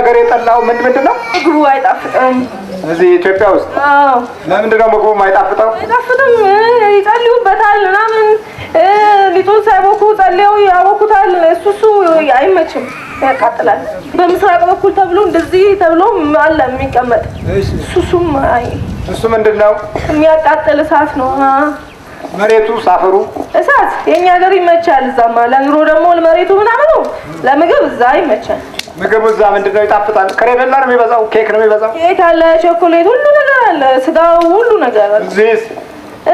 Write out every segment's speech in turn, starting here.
ሀገር የጠላው ምን ምንድን ነው? ምግቡ አይጣፍጠኝ። እዚህ ኢትዮጵያ ውስጥ ለምንድን ነው ምግቡ አይጣፍጠው? አይጣፍጥም። ይጸልዩበታል ምናምን ሊጡን ሳይቦኩ ጸልየው ያቦኩታል። እሱ እሱ አይመችም፣ ያቃጥላል። በምስራቅ በኩል ተብሎ እንደዚህ ተብሎ አለ የሚቀመጥ እሱ እሱም እሱ ምንድን ነው? የሚያቃጥል እሳት ነው። መሬቱ ሳፈሩ እሳት የእኛ ሀገር ይመቻል። እዛማ ለኑሮ ደግሞ መሬቱ ምናምኑ ለምግብ እዛ ይመቻል። ምግቡ እዛ ምንድን ነው ይጣፍጣል። ክሬ ነው የሚበዛው፣ ኬክ ነው የሚበዛው። ኬክ አለ፣ ቾኮሌት፣ ሁሉ ነገር አለ፣ ስጋው፣ ሁሉ ነገር አለ። እዚህስ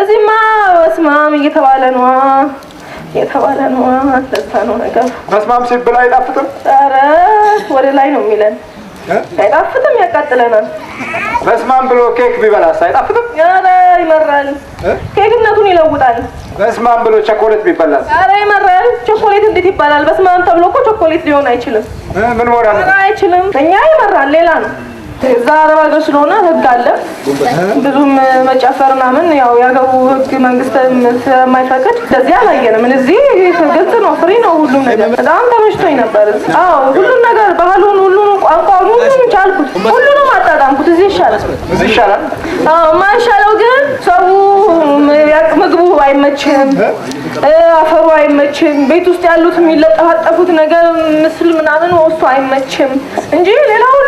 እዚህማ በስማም እየተባለ ነው እየተባለ ነዋ። ለዛ ነው ነገር በስማም ሲብላ አይጣፍጥም። ኧረ ወደ ላይ ነው የሚለን አይጣፍጥም፣ ያቃጥለናል። በስማም ብሎ ኬክ ቢበላስ አይጣፍጥም? ኧረ ይመራል፣ ኬክነቱን ይለውጣል። በስማም ብሎ ቸኮሌት ቢበላስ? ኧረ ይመራል። ቸኮሌት እንዴት ይባላል? በስማም ተብሎ እኮ ቸኮሌት ሊሆን አይችልም። ምን ሞራል አይችልም። እኛ ይመራል ሌላ ነው። እዛ አረብ ሀገር ስለሆነ ህግ አለ። ብዙም መጨፈር ምናምን ያው ያገቡ ህግ መንግስት ስለማይፈቅድ እንደዚህ አላየንም። እዚህ ግልጽ ነው፣ ፍሪ ነው ሁሉም ነገር። በጣም ተመችቶኝ ነበር። አዎ ሁሉም ነገር ባህሉን፣ ሁሉም ቋንቋ፣ ሁሉም ቻልኩት፣ ሁሉንም አጣጣምኩት። እዚህ ይሻላል፣ እዚህ ይሻላል። አዎ ማይሻለው ግን አይመችህም፣ አፈሩ አይመችህም፣ ቤት ውስጥ ያሉት የሚለጠፋጠፉት ነገር ምስል ምናምን ወስቶ አይመችህም እንጂ ሌላው